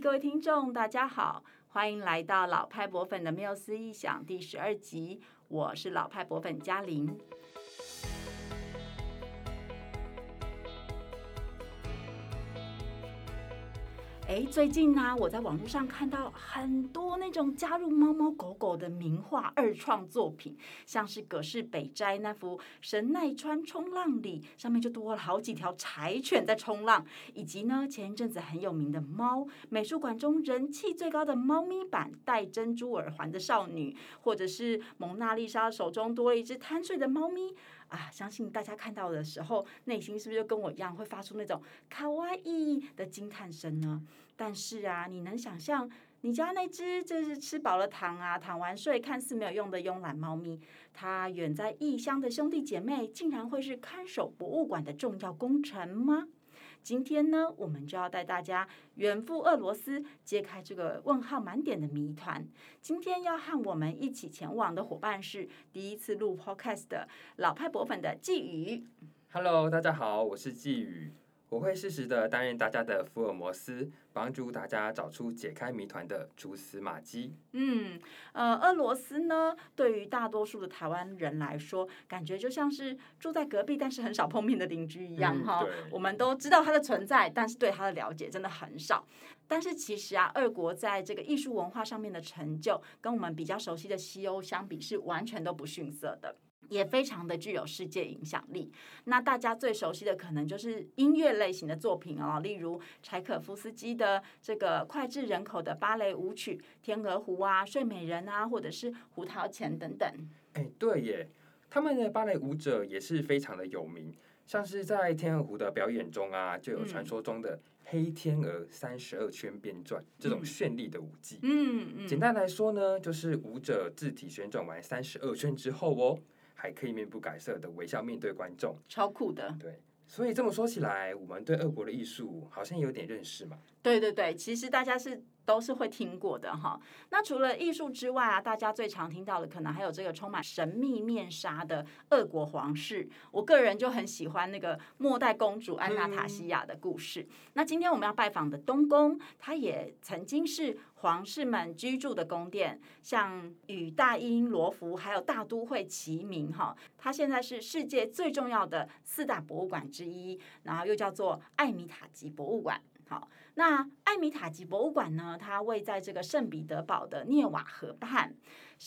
各位聽眾，大家好，歡迎來到老派博粉的繆斯異想第十二集，我是老派博粉家琳。哎，最近呢、啊，我在網絡上看到很多那種加入貓貓狗狗的名畫二創作品，像是葛飾北齋那幅《神奈川沖浪裡》，上面就多了好幾條柴犬在沖浪，以及呢，前一陣子很有名的貓美術館中人氣最高的貓咪版《戴珍珠耳環的少女》，或者是蒙娜麗莎手中多了一隻貪睡的貓咪啊！相信大家看到的時候，內心是不是就跟我一樣會發出那種卡哇伊的驚嘆聲呢？但是啊，你能想象你家那隻就是吃飽了躺啊躺完睡，看似沒有用的慵懶貓咪，它遠在異鄉的兄弟姐妹竟然會是看守博物館的重要功臣嗎？今天呢，我們就要帶大家遠赴俄羅斯，揭開這個問號滿點的謎團。今天要和我們一起前往的夥伴是第一次錄 podcast 的老派博粉的繼宇。Hello，大家好，我是繼宇。我會適時的擔任大家的福爾摩斯，幫助大家找出解開謎團的蛛絲馬跡。嗯，呃，俄羅斯呢，對於大多數的台灣人來說，感覺就像是住在隔壁，但是很少碰面的鄰居一樣，哈、嗯。我們都知道它的存在，但是對它的了解真的很少。但是其實啊，俄國在這個藝術文化上面的成就，跟我們比較熟悉的西歐相比，是完全都不遜色的。也非常的具有世界影響力。那大家最熟悉的可能就是音樂類型的作品哦，例如柴可夫斯基的這個膾炙人口的芭蕾舞曲《天鵝湖》啊、《睡美人》啊，或者是《胡桃鉗》等等、欸。對耶，他們的芭蕾舞者也是非常的有名，像是在《天鵝湖》的表演中啊，就有傳說中的黑天鵝三十二圈鞭轉、嗯、這種絢麗的舞技嗯嗯。嗯，簡單來說呢，就是舞者自體旋轉完三十二圈之後哦。還可以面不改色的微笑面對觀眾，超酷的。對，所以這麼說起來，我們對俄國的藝術好像有點認識嘛。對對對，其實大家是。都是會聽過的哈。那除了藝術之外啊，大家最常聽到的可能還有這個充滿神秘面紗的俄國皇室。我個人就很喜歡那個末代公主安娜塔西亞的故事。嗯。那今天我們要拜訪的冬宮，它也曾經是皇室們居住的宮殿，像與大英羅浮還有大都會齊名哈。它現在是世界最重要的四大博物館之一，然後又叫做艾米塔吉博物館。好。那艾米塔吉博物館呢，它位在這個聖彼得堡的涅瓦河畔，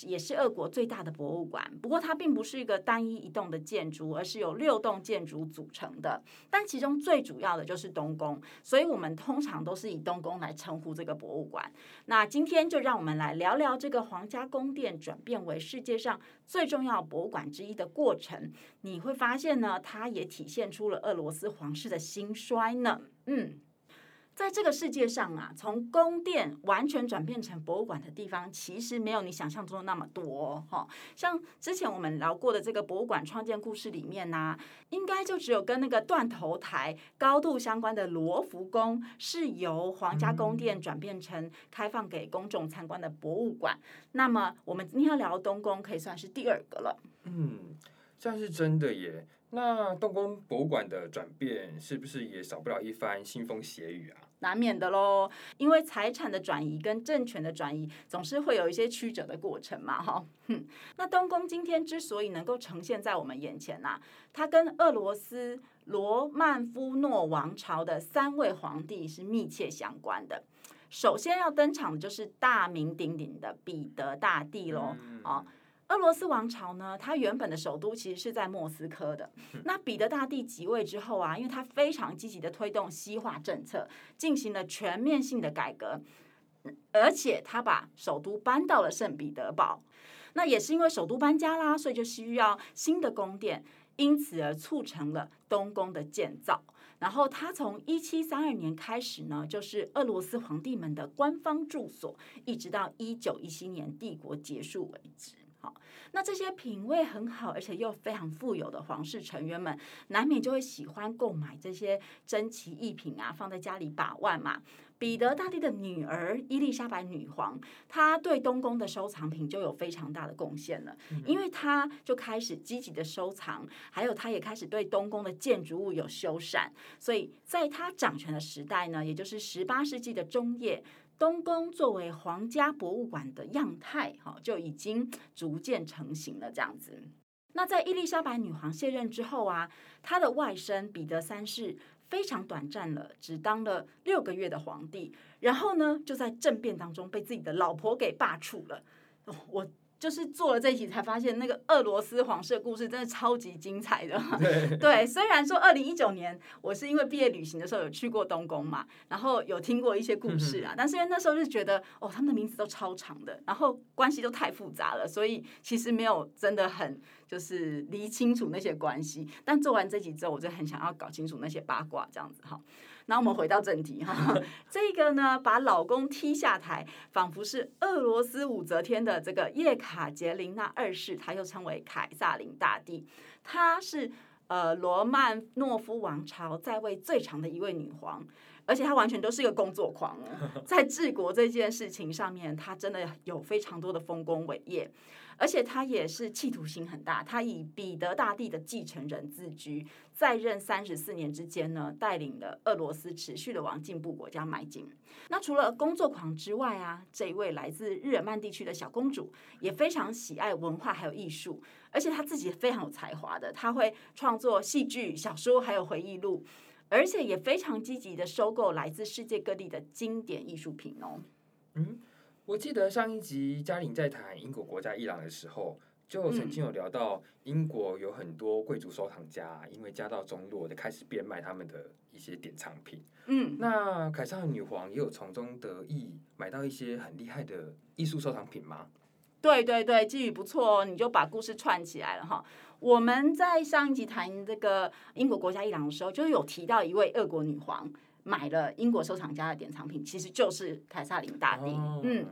也是俄國最大的博物館。不過，它並不是一個單一一棟的建築，而是由六棟建築組成的。但其中最主要的就是冬宮，所以我們通常都是以冬宮來稱呼這個博物館。那今天就讓我們來聊聊這個皇家宮殿轉變為世界上最重要博物館之一的過程。你會發現呢，它也體現出了俄羅斯皇室的興衰呢。嗯。在這個世界上啊，從宮殿完全轉變成博物館的地方，其實沒有你想象中的那麼多哦。像之前我們聊過的這個博物館創建故事裡面呢、啊，應該就只有跟那個斷頭臺高度相關的羅浮宮是由皇家宮殿轉變成開放給公眾參觀的博物館。嗯、那麼我們今天要聊冬宮，可以算是第二個了。嗯，算是真的耶。那冬宮博物館的轉變，是不是也少不了一番腥風血雨啊？難免的嘍，因為財產的轉移跟政權的轉移總是會有一些曲折的過程嘛，哈。那冬宮今天之所以能夠呈現在我們眼前吶，啊，它跟俄羅斯羅曼夫諾王朝的三位皇帝是密切相關的。首先要登場的就是大名鼎鼎的彼得大帝咯，嗯。哦。俄羅斯王朝呢，它原本的首都其實是在莫斯科的。那彼得大帝即位之後啊，因為他非常積極的推動西化政策，進行了全面性的改革，而且他把首都搬到了聖彼得堡。那也是因為首都搬家啦，所以就需要新的宮殿，因此而促成了冬宮的建造。然後他從一七三二年開始呢，就是俄羅斯皇帝們的官方住所，一直到一九一七年帝國結束為止。那這些品味很好，而且又非常富有的皇室成員們，難免就會喜歡購買這些珍奇異品啊，放在家裡把玩嘛。彼得大帝的女兒伊麗莎白女皇，她對冬宮的收藏品就有非常大的貢獻了，因為她就開始積極的收藏，還有她也開始對冬宮的建築物有修繕，所以在她掌權的時代呢，也就是十八世紀的中葉。冬宮作為皇家博物館的樣態，哈，就已經逐漸成型了，這樣子。那在伊麗莎白女皇卸任之後啊，她的外甥彼得三世非常短暫了，只當了六個月的皇帝，然後呢，就在政變當中被自己的老婆給罷黜了。我。就是做了這一集才發現，那個俄羅斯皇室的故事真的超級精彩的對。 對，雖然說二零一九年我是因為畢業旅行的時候有去過冬宮嘛，然後有聽過一些故事啊，嗯、但是因為那時候就覺得哦，他們的名字都超長的，然後關係都太複雜了，所以其實沒有真的很就是理清楚那些關係。但做完這集之後，我就很想要搞清楚那些八卦，這樣子哈。那我們回到正題哈，這個呢，把老公踢下台，仿佛是俄羅斯武則天的這個葉卡捷琳娜二世，她又稱為凱薩琳大帝，她是呃羅曼諾夫王朝在位最長的一位女皇，而且她完全都是一個工作狂，在治國這件事情上面，她真的有非常多的豐功偉業。而且他也是企圖心很大，他以彼得大帝的繼承人自居，在任三十四年之間呢，帶領了俄羅斯持續的往進步國家邁進。那除了工作狂之外啊，這一位來自日耳曼地區的小公主也非常喜愛文化還有藝術，而且她自己非常有才華的，她會創作戲劇、小說還有回憶錄，而且也非常積極的收購來自世界各地的經典藝術品哦。嗯。我記得上一集家琳在談英國國家藝廊的時候，就曾經有聊到英國有很多貴族收藏家，因為家道中落，的開始變賣他們的一些典藏品。嗯，那凱撒女皇也有從中得以買到一些很厲害的藝術收藏品嗎？對對對，繼宇不錯哦，你就把故事串起來了哈。我們在上一集談這個英國國家藝廊的時候，就有提到一位俄國女皇，買了英國收藏家的典藏品，其實就是凱撒琳大帝，oh. 嗯。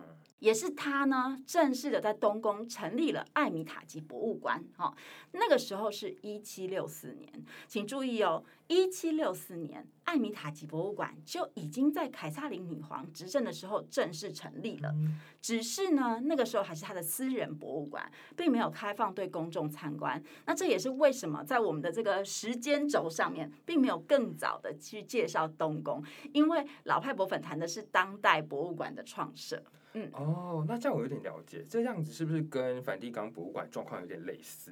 也是他呢，正式的在冬宮成立了艾米塔吉博物館。哦，那個時候是一七六四年，請注意哦，一七六四年艾米塔吉博物館就已經在凱薩琳女皇執政的時候正式成立了。嗯。只是呢，那個時候還是他的私人博物館，並沒有開放對公眾參觀。那這也是為什麼在我們的這個時間軸上面，並沒有更早的去介紹冬宮，因為老派博粉談的是當代博物館的創設。嗯，哦，那這樣我有點了解，這樣子是不是跟梵蒂岡博物館狀況有點類似？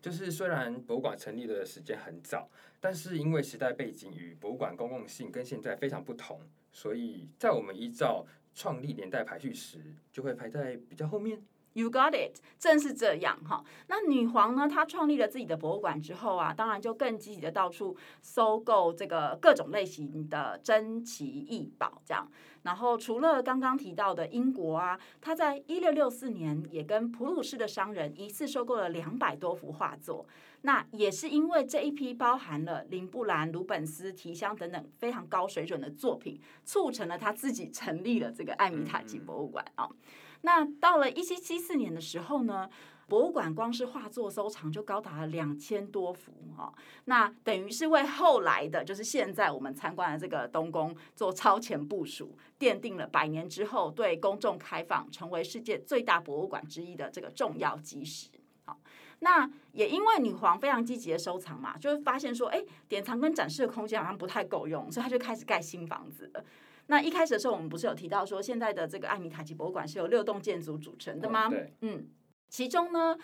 就是雖然博物館成立的時間很早，但是因為時代背景與博物館公共性跟現在非常不同，所以在我們依照創立年代排序時，就會排在比較後面。You got it，正是這樣哈。那女皇呢？她創立了自己的博物館之後啊，當然就更積極的到處搜購這個各種類型的珍奇異寶，這樣。然後除了剛剛提到的英國啊，她在一六六四年也跟普魯士的商人一次收購了兩百多幅畫作。那也是因為這一批包含了林布蘭、魯本斯、提香等等非常高水準的作品，促成了她自己成立了這個艾米塔吉博物館啊。嗯那到了一七七四年的時候呢，博物館光是畫作收藏就高達了兩千多幅啊、哦！那等於是為後來的，就是現在我們參觀的這個冬宮做超前部署，奠定了百年之後對公眾開放，成為世界最大博物館之一的這個重要基石。好，那也因為女皇非常積極的收藏嘛，就會發現說，哎，典藏跟展示的空間好像不太夠用，所以她就開始蓋新房子了。那一開始的時候，我們不是有提到說，現在的這個艾米塔吉博物館是由六棟建築組成的嗎？Oh, 對，嗯，其中呢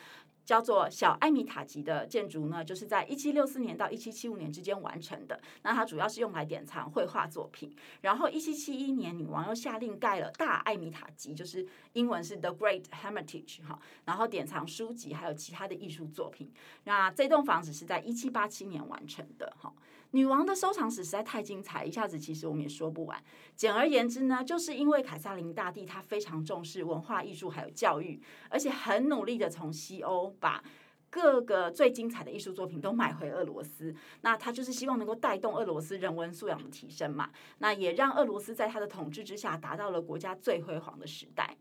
叫做小艾米塔吉的建築呢，就是在一七六四年到一七七五年之間完成的。那它主要是用來典藏繪畫作品。然後一七七一年，女王又下令蓋了大艾米塔吉，就是英文是 The Great Hermitage 哈。然後典藏書籍還有其他的藝術作品。那這棟房子是在一七八七年完成的哈。女王的收藏史實在太精彩，一下子其實我們也說不完。簡而言之呢，就是因為凱薩琳大帝她非常重視文化藝術還有教育，而且很努力的從西歐把各個最精彩的藝術作品都買回俄羅斯。那她就是希望能夠帶動俄羅斯人文素養的提升嘛，那也讓俄羅斯在她的統治之下達到了國家最輝煌的時代。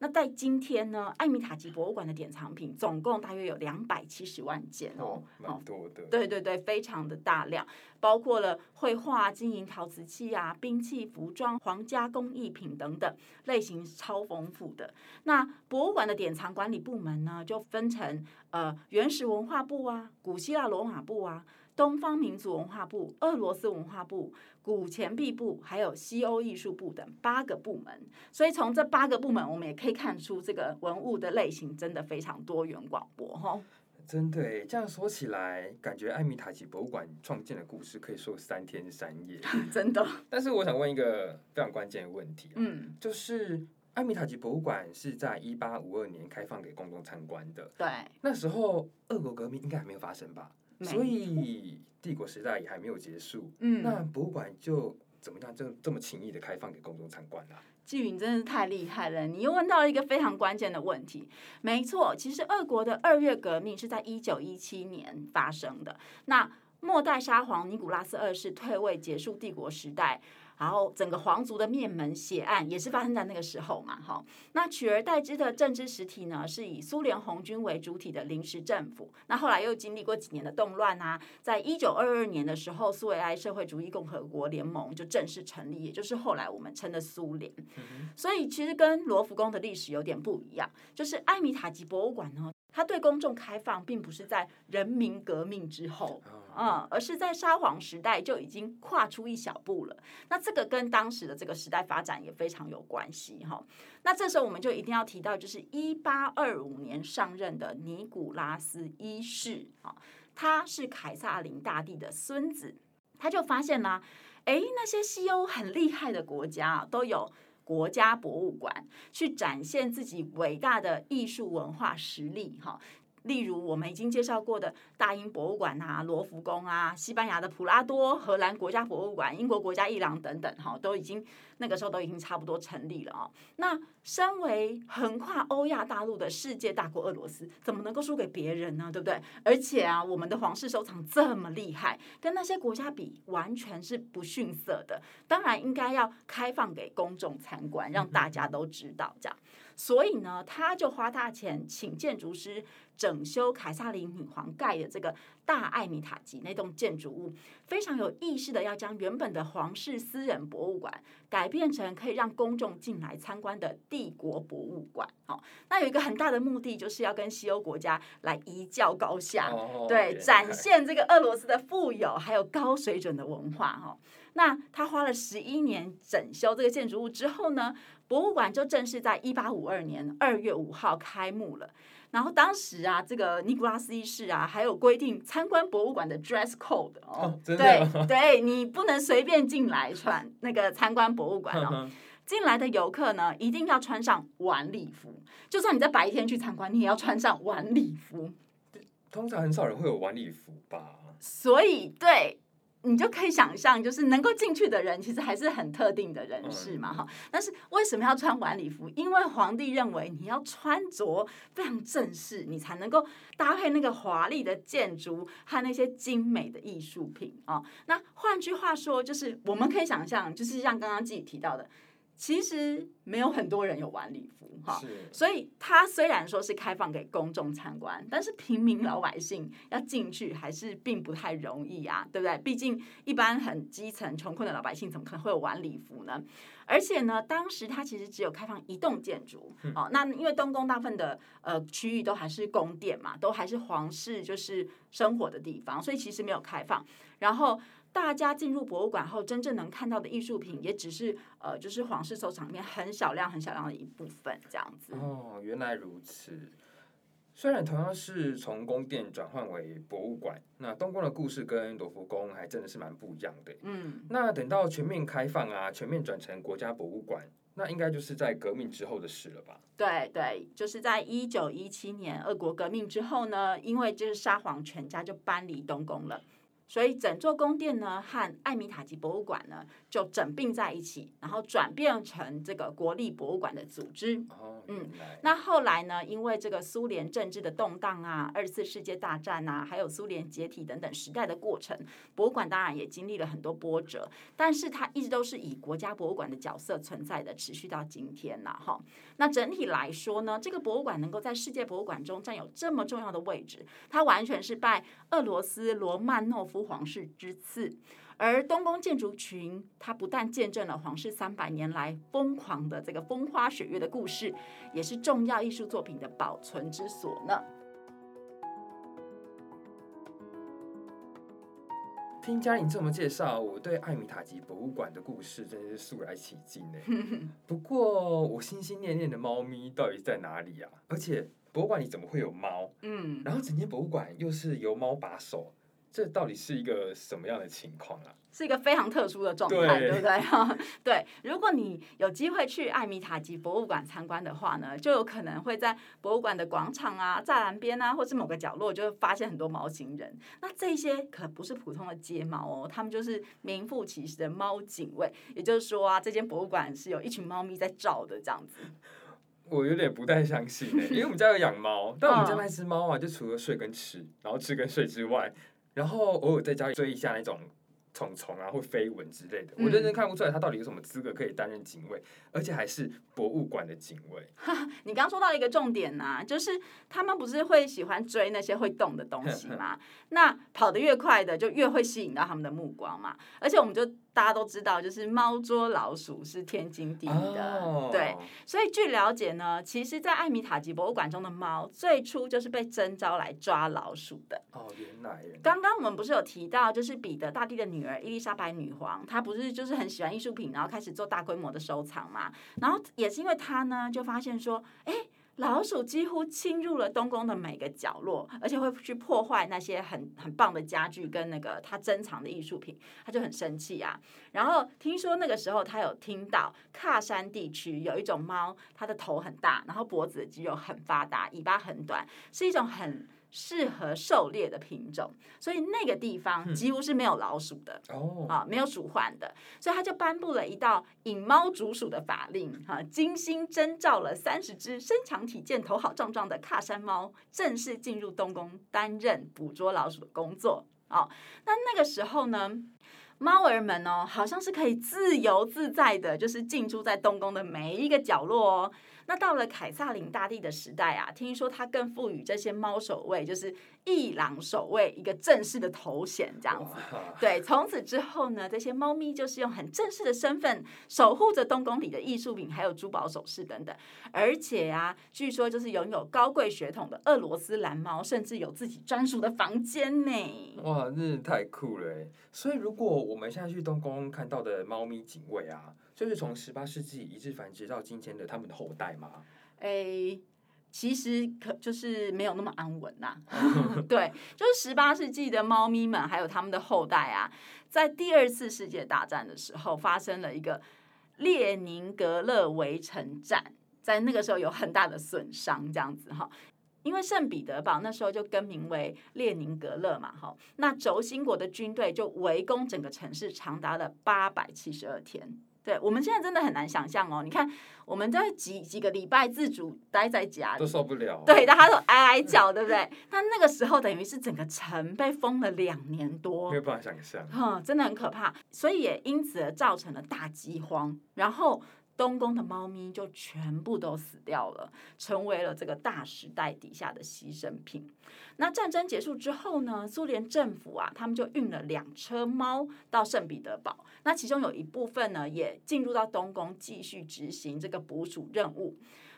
那在今天呢，艾米塔吉博物館的典藏品總共大約有兩百七十萬件哦，蠻多的。哦，對對對，非常的大量，包括了繪畫、金銀、陶瓷器啊、兵器、服裝、皇家工藝品等等，類型超豐富的。那博物館的典藏管理部門呢，就分成呃原始文化部啊、古希臘羅馬部啊。東方民族文化部、俄羅斯文化部、古錢幣部，還有西歐藝術部等八個部門。所以從這八個部門，我們也可以看出這個文物的類型真的非常多元廣博，哈。真的，這樣說起來，感覺艾米塔吉博物館創建的故事可以說三天三夜， 真的。但是我想問一個非常關鍵的問題啊，嗯，就是艾米塔吉博物館是在一八五二年開放給公眾參觀的，對，那時候俄國革命應該還沒有發生吧？所以帝國時代也還沒有結束，嗯、那博物館就怎麼樣，就這麼輕易的開放給公眾參觀了啊？繼宇真的太厲害了，你又問到了一個非常關鍵的問題。沒錯，其實俄國的二月革命是在一九一七年發生的，那末代沙皇尼古拉斯二世退位，結束帝國時代。然後，整個皇族的滅門血案也是發生在那個時候嘛，哈。那取而代之的政治實體呢，是以蘇聯紅軍為主體的臨時政府。那後來又經歷過幾年的動亂啊，在一九二二年的時候，蘇維埃社會主義共和國聯盟就正式成立，也就是後來我們稱的蘇聯。嗯、所以，其實跟羅浮宮的歷史有點不一樣，就是艾米塔吉博物館呢，它對公眾開放，並不是在人民革命之後。嗯，而是在沙皇時代就已經跨出一小步了。那這個跟當時的這個時代發展也非常有關係哈、哦。那這時候我們就一定要提到，就是一八二五年上任的尼古拉斯一世哈、哦，他是凱撒林大帝的孫子，他就發現呢、啊，哎，那些西歐很厲害的國家啊，都有國家博物館去展現自己偉大的藝術文化實力哈。哦例如我們已經介紹過的大英博物館啊、羅浮宮啊、西班牙的普拉多、荷蘭國家博物館、英國國家藝廊等等，哈，都已經那個時候都已經差不多成立了哦。那身為橫跨歐亞大陸的世界大國俄羅斯，怎麼能夠輸給別人呢？對不對？而且啊，我們的皇室收藏這麼厲害，跟那些國家比完全是不遜色的。當然應該要開放給公眾參觀，讓大家都知道這樣。所以呢，他就花大錢請建築師。整修凱薩琳女皇蓋的這個大艾米塔吉那棟建築物，非常有意識的要將原本的皇室私人博物館改變成可以讓公眾進來參觀的帝國博物館。哦，那有一個很大的目的，就是要跟西歐國家來一較高下，對，展現這個俄羅斯的富有還有高水準的文化。哈，那他花了十一年整修這個建築物之後呢，博物館就正式在一八五二年二月五號開幕了。然後當時啊，這個尼古拉斯一世啊，還有規定參觀博物館的 dress code 哦，哦真的對對，你不能隨便進來穿那個參觀博物館哦，呵呵進來的遊客呢一定要穿上晚禮服，就算你在白天去參觀，你也要穿上晚禮服。通常很少人會有晚禮服吧？所以對。你就可以想象，就是能夠進去的人，其實還是很特定的人士嘛哈。但是為什麼要穿晚禮服？因為皇帝認為你要穿着非常正式，你才能夠搭配那個華麗的建築和那些精美的藝術品啊。那換句話說，就是我們可以想象，就是像剛剛自己提到的。其實沒有很多人有晚禮服哈，哦，所以它雖然說是開放給公眾參觀，但是平民老百姓要進去還是並不太容易啊，對不對？畢竟一般很基層窮困的老百姓怎麼可能會有晚禮服呢？而且呢，當時它其實只有開放一棟建築，嗯，哦，那因為東宮大部分的呃區域都還是宮殿嘛，都還是皇室就是生活的地方，所以其實沒有開放。然後大家進入博物館後，真正能看到的藝術品也只是呃，就是皇室收藏裡面很少量、很少量的一部分，這樣子。哦，原來如此。雖然同樣是從宮殿轉換為博物館，那冬宮的故事跟羅浮宮還真的是蠻不一樣的欸。嗯，那等到全面開放啊，全面轉成國家博物館，那應該就是在革命之後的事了吧？對對，就是在一九一七年俄國革命之後呢，因為就是沙皇全家就搬離冬宮了，所以整座宮殿呢和艾米塔吉博物館呢。就整併在一起，然後轉變成這個國立博物館的組織。Oh, right. 嗯，那後來呢？因為這個蘇聯政治的動盪啊，二次世界大戰啊，還有蘇聯解體等等時代的過程，博物館當然也經歷了很多波折。但是它一直都是以國家博物館的角色存在的，持續到今天吶，啊。哈，那整體來說呢，這個博物館能夠在世界博物館中占有這麼重要的位置，它完全是拜俄羅斯羅曼諾夫皇室之賜。而冬宮建築群，它不但見證了皇室三百年來瘋狂的這個風花雪月的故事，也是重要藝術作品的保存之所呢。聽家琳這麼介紹，我對艾米塔吉博物館的故事真的是肅然起敬。不過，我心心念念的貓咪到底在哪裡啊？而且，博物館裡怎麼會有貓？嗯，然後，整間博物館又是由貓把守。這到底是一個什麼樣的情況啊？是一個非常特殊的狀態，對，對不對？ 對，如果你有機會去艾米塔吉博物館參觀的話呢，就有可能會在博物館的廣場啊、柵欄邊啊，或是某個角落，就會發現很多喵星人。那這些可不是普通的街貓哦，他們就是名副其實的貓警衛。也就是說啊，這間博物館是有一群貓咪在照的這樣子。我有點不太相信、欸，因為我們家有養貓， 但我們家那只貓啊，就除了睡跟吃，然後吃跟睡之外。然後偶爾在家裡追一下那種蟲蟲啊，或飛蚊之類的，嗯，我認真看不出來他到底有什麼資格可以擔任警衛，而且還是博物館的警衛。你剛剛說到一個重點吶，啊，就是他們不是會喜歡追那些會動的東西嗎呵呵。那跑得越快的就越會吸引到他們的目光嘛，而且我們就。大家都知道，就是貓捉老鼠是天經地義的，oh. 對。所以據了解呢，其實，在艾米塔吉博物館中的貓，最初就是被徵召來抓老鼠的。哦、oh，原來。剛剛我們不是有提到，就是彼得大帝的女兒伊麗莎白女皇，她不是就是很喜歡藝術品，然後開始做大規模的收藏嘛？然後也是因為她呢，就發現說，哎。老鼠幾乎侵入了冬宮的每個角落，而且會去破壞那些很很棒的家具跟那個他珍藏的藝術品，他就很生氣啊。然後聽說那個時候他有聽到喀山地區有一種貓，它的頭很大，然後脖子肌肉很發達，尾巴很短，是一種很。適合狩獵的品種，所以那個地方幾乎是沒有老鼠的哦，啊，沒有鼠患的，所以他就頒布了一道引貓逐鼠的法令，哈、啊，精心徵召了三十隻身強體健、頭好壯壯的喀山貓，正式進入冬宮擔任捕捉老鼠的工作。哦、啊，那那個時候呢，貓兒們哦，好像是可以自由自在的，就是進駐在冬宮的每一個角落哦。那到了凱薩琳大帝的時代啊，聽說他更賦予這些貓守衛，就是伊朗守衛一個正式的頭銜，這樣子。對，從此之後呢，這些貓咪就是用很正式的身份守護着冬宮裡的藝術品，還有珠寶首飾等等。而且啊，據說就是擁有高貴血統的俄羅斯藍貓，甚至有自己專屬的房間呢。哇，那太酷了！所以如果我們現在去冬宮看到的貓咪警衛啊。就是從十八世紀一直繁殖到今天的他們的後代嗎？哎、欸，其實可就是沒有那麼安穩吶、啊。 對，就是十八世紀的貓咪們還有他們的後代啊，在第二次世界大戰的時候發生了一個列寧格勒圍城戰，在那個時候有很大的損傷，這樣子哈，因為聖彼得堡那時候就更名為列寧格勒嘛，哈，那軸心國的軍隊就圍攻整個城市，長達了八百七十二天。對，我們現在真的很難想象哦。你看，我們在幾幾個禮拜自主待在家裡，都受不了。對，大家都哀哀叫、嗯，對不對？他那個時候，等於是整個城被封了兩年多，沒有辦法想象。嗯，真的很可怕，所以也因此造成了大饑荒，然後。冬宮的貓咪就全部都死掉了，成為了這個大時代底下的犧牲品。那戰爭結束之後呢，蘇聯政府啊，他們就運了兩車貓到聖彼得堡，那其中有一部分呢，也進入到冬宮繼續執行這個捕鼠任務。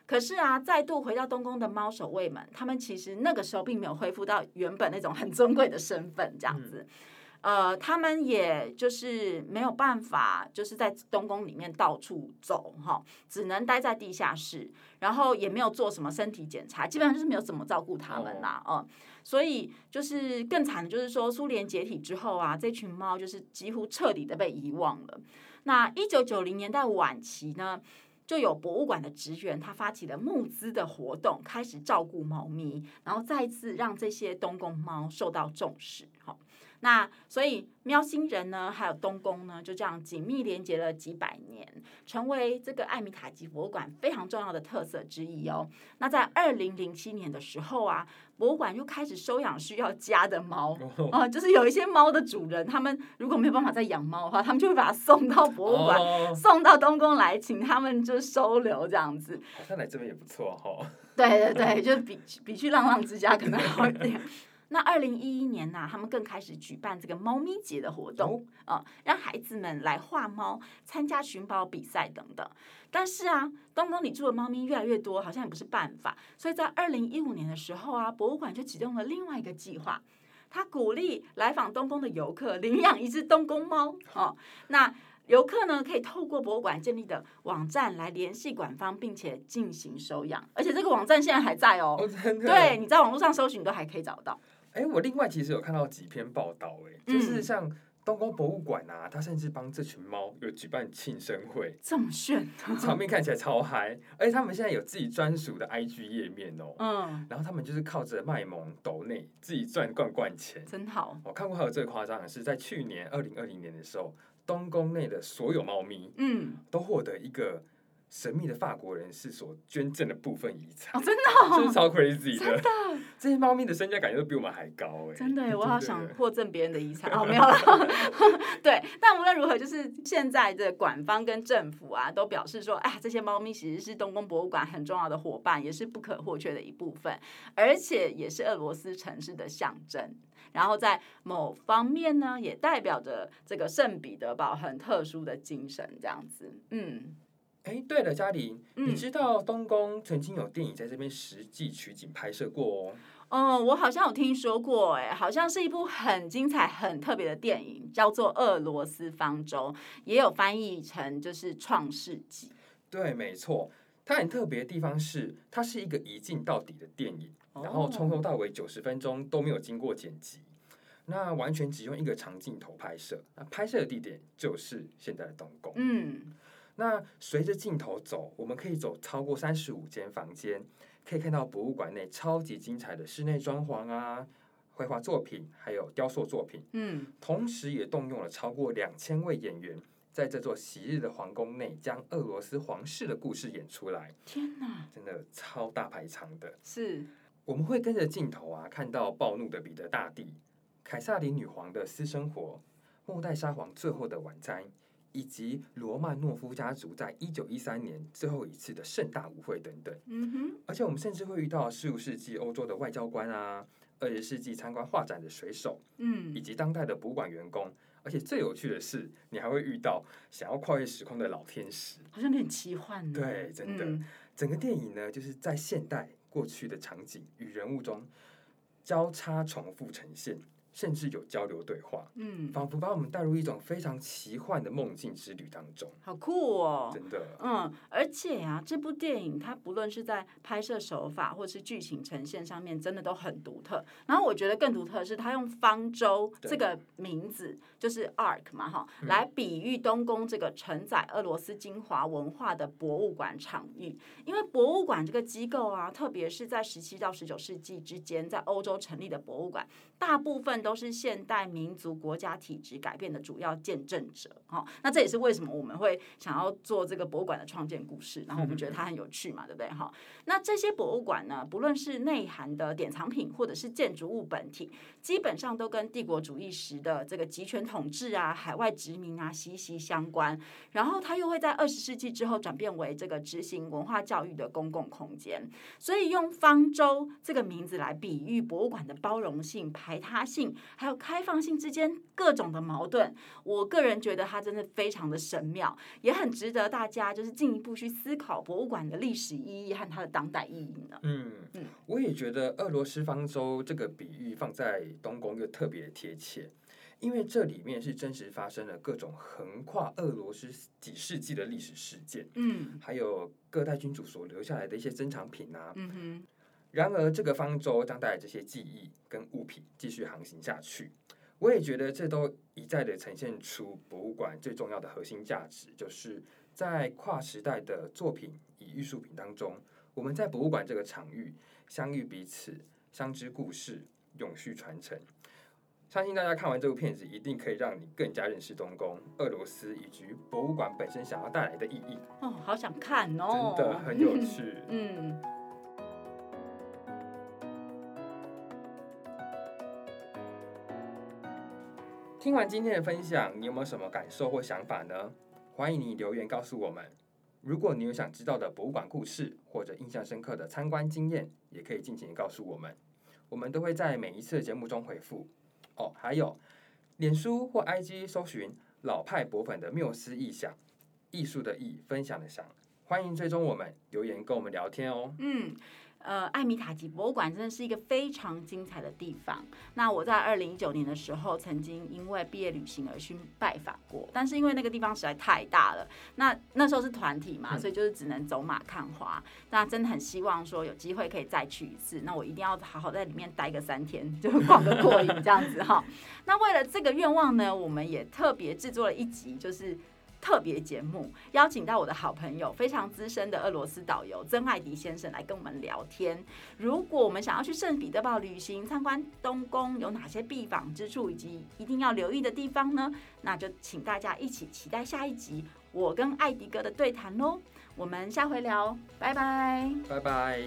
可是啊，再度回到冬宮的貓守衛們，他們其實那個時候並沒有恢復到原本那種很尊貴的身份，這樣子。嗯呃，他們也就是沒有辦法，就是在冬宮裡面到處走哈，只能待在地下室，然後也沒有做什麼身體檢查，基本上就是沒有怎麼照顧他們啦。哦、呃，所以就是更慘的就是說，蘇聯解體之後啊，這群貓就是幾乎徹底的被遺忘了。那一九九零年代晚期呢，就有博物館的職員他發起了募資的活動，開始照顧貓咪，然後再次讓這些冬宮貓受到重視。那所以喵星人呢，還有冬宮呢，就這樣緊密連接了幾百年，成為這個艾米塔吉博物館非常重要的特色之一哦。那在二零零七年的時候啊，博物館又開始收養需要家的貓啊、oh. 嗯，就是有一些貓的主人，他們如果沒有辦法再養貓的話，他們就會把它送到博物館，oh. 送到冬宮來，請他們就收留這樣子。看來這邊也不錯哈。對對對，就是比比去浪浪之家可能好一點。 那二零一一年呢、啊，他們更開始舉辦這個貓咪節的活動，呃、嗯嗯，讓孩子們來畫貓、參加尋寶比賽等等。但是啊，冬宮裡住的貓咪越來越多，好像也不是辦法。所以在二零一五年的時候啊，博物館就啟動了另外一個計劃，它鼓勵來訪冬宮的遊客領養一隻冬宮貓。哦、嗯，那遊客呢，可以透過博物館建立的網站來聯繫館方，並且進行收養。而且這個網站現在還在哦，哦對，你在網絡上搜尋都還可以找到。哎，我另外其實有看到幾篇報道、欸，誒就是像冬宮博物館啊，它甚至幫這群貓有舉辦慶生會，這麼炫、啊，場面看起來超嗨。而且他們現在有自己專屬的 IG 頁面哦，嗯，然後他們就是靠着賣萌抖內自己賺罐罐錢，真好。我看過還有最誇張的是在去年二零二零年的時候，冬宮內的所有貓咪，嗯，都獲得一個。神秘的法國人士所捐贈的部分遺產，oh, 哦，真的，真是超 crazy 的。真的，這些貓咪的身價感覺都比我們還高哎，欸。真的，我好想獲贈別人的遺產哦， 沒有了。 對，但無論如何，就是現在的官方跟政府啊，都表示說，哎，這些貓咪其實是冬宮博物館很重要的夥伴，也是不可或缺的一部分，而且也是俄羅斯城市的象徵。然後在某方面呢，也代表着這個聖彼得堡很特殊的精神，這樣子。嗯。哎，對了，家琳，嗯，你知道冬宮曾經有電影在這邊實際取景拍攝過哦？哦，我好像有聽說過、欸，哎，好像是一部很精彩、很特別的電影，叫做《俄羅斯方舟》，也有翻譯成就是《創世紀》。對，沒錯，它很特別的地方是，它是一個一鏡到底的電影，然後從頭到尾九十分鐘都沒有經過剪輯、哦，那完全只用一個長鏡頭拍攝。那拍攝的地點就是現在的冬宮。嗯。那隨着鏡頭走，我們可以走超過三十五間房間，可以看到博物館內超級精彩的室內裝潢啊，繪畫作品，還有雕塑作品。嗯，同時也動用了超過兩千位演員，在這座昔日的皇宮內，將俄羅斯皇室的故事演出來。天哪，真的超大排場的。是，我們會跟着鏡頭啊，看到暴怒的彼得大帝、凱薩琳女皇的私生活、末代沙皇最後的晚餐。以及羅曼諾夫家族在一九一三年最後一次的盛大舞會等等。而且我們甚至會遇到十五世紀歐洲的外交官啊，二十世紀參觀畫展的水手，以及當代的博物館員工。而且最有趣的是，你還會遇到想要跨越時空的老天使。好像有點奇幻。對，真的。整個電影呢，就是在現代、過去的場景與人物中交叉重复呈現。甚至有交流對話，嗯，仿佛把我們帶入一種非常奇幻的夢境之旅當中，好酷哦！真的，嗯，而且啊，這部電影它不論是在拍攝手法或是劇情呈現上面，真的都很獨特。然後我覺得更獨特的是它用“方舟”這個名字，就是 “Ark” 嘛，哈，來比喻冬宮這個承載俄羅斯精華文化的博物館場域。因為博物館這個機構啊，特別是在十七到十九世紀之間，在歐洲成立的博物館。大部分都是現代民族國家體制改變的主要見證者，哈。那這也是為什麼我們會想要做這個博物館的創建故事，然後我們覺得它很有趣嘛，嗯、對不對？哈。那這些博物館呢，不論是內涵的典藏品，或者是建築物本體。基本上都跟帝國主義時的這個集權統治啊、海外殖民，啊息息相關，然後它又會在二十世紀之後轉變為這個執行文化教育的公共空間，所以用方舟這個名字來比喻博物館的包容性、排他性，還有開放性之間各種的矛盾，我個人覺得它真的非常的神妙，也很值得大家就是進一步去思考博物館的歷史意義和它的當代意義呢。嗯嗯，我也覺得俄羅斯方舟這個比喻放在。冬宮又特別貼切，因為這裡面是真實發生了各種橫跨俄羅斯幾世紀的歷史事件，嗯，還有各代君主所留下來的一些珍藏品啊，嗯哼。然而，這個方舟將帶這些記憶跟物品繼續航行下去。我也覺得這都一再的呈現出博物館最重要的核心價值，就是在跨時代的作品與藝術品當中，我們在博物館這個場域相遇彼此，相知故事，永續傳承，相信大家看完這部片子，一定可以讓你更加認識冬宮、俄羅斯以及博物館本身想要帶來的意義。哦，好想看哦！真的很有趣。嗯。嗯。聽完今天的分享，你有沒有什麼感受或想法呢？歡迎你留言告訴我們。如果你有想知道的博物館故事，或者印象深刻的參觀經驗，也可以盡情告訴我們。我們都會在每一次節目中回復哦，還有臉書或 IG 搜尋“老派博粉”的繆斯藝享，藝術的藝，分享的享，歡迎追蹤我們，留言跟我們聊天哦。嗯。呃，艾米塔吉博物館真的是一個非常精彩的地方。那我在二零一九年的時候，曾經因為畢業旅行而去拜訪過，但是因為那個地方實在太大了，那那時候是團體嘛、嗯，所以就是只能走馬看花。那真的很希望說有機會可以再去一次，那我一定要好好在裡面待個三天，就逛個過癮這樣子哈、哦。 那為了這個願望呢，我們也特別制作了一集，就是。特別節目邀請到我的好朋友、非常資深的俄羅斯導遊曾愛迪先生來跟我們聊天。如果我們想要去聖彼得堡旅行、參觀冬宮，有哪些必訪之處以及一定要留意的地方呢？那就請大家一起期待下一集我跟愛迪哥的對談嘍。我們下回聊，拜拜，拜拜。